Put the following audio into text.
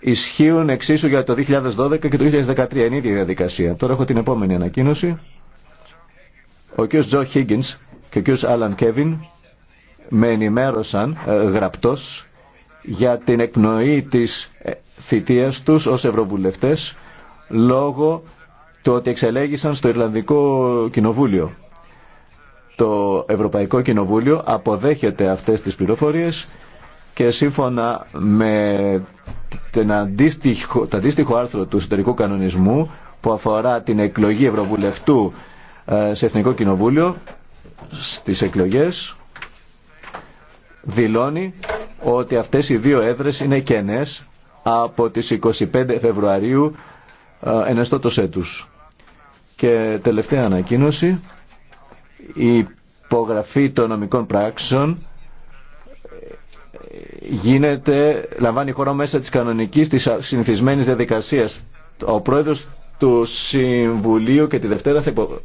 ισχύουν εξίσου για το 2012 και το 2013. Είναι η ίδια διαδικασία. Τώρα έχω την επόμενη ανακοίνωση. Ο κ. Τζο Higgins και ο κ. Άλαν Κέβιν με ενημέρωσαν ε, γραπτός για την εκπνοή της ε, θητείας τους ως ευρωβουλευτές λόγω του ότι εξελέγησαν στο Ιρλανδικό Κοινοβούλιο. Το Ευρωπαϊκό Κοινοβούλιο αποδέχεται αυτές τις πληροφορίες και σύμφωνα με το αντίστοιχο άρθρο του εσωτερικού κανονισμού που αφορά την εκλογή Ευρωβουλευτού ε, σε Εθνικό Κοινοβούλιο στις εκλογές δηλώνει ότι αυτές οι δύο έδρες είναι κενές από τις 25 Φεβρουαρίου ε, ενεστώτος έτους. Και τελευταία ανακοίνωση, η υπογραφή των νομικών πράξεων γίνεται, λαμβάνει η χώρα μέσα της κανονικής, της συνηθισμένης διαδικασίας. Ο πρόεδρος του Συμβουλίου και τη Δευτέρα θα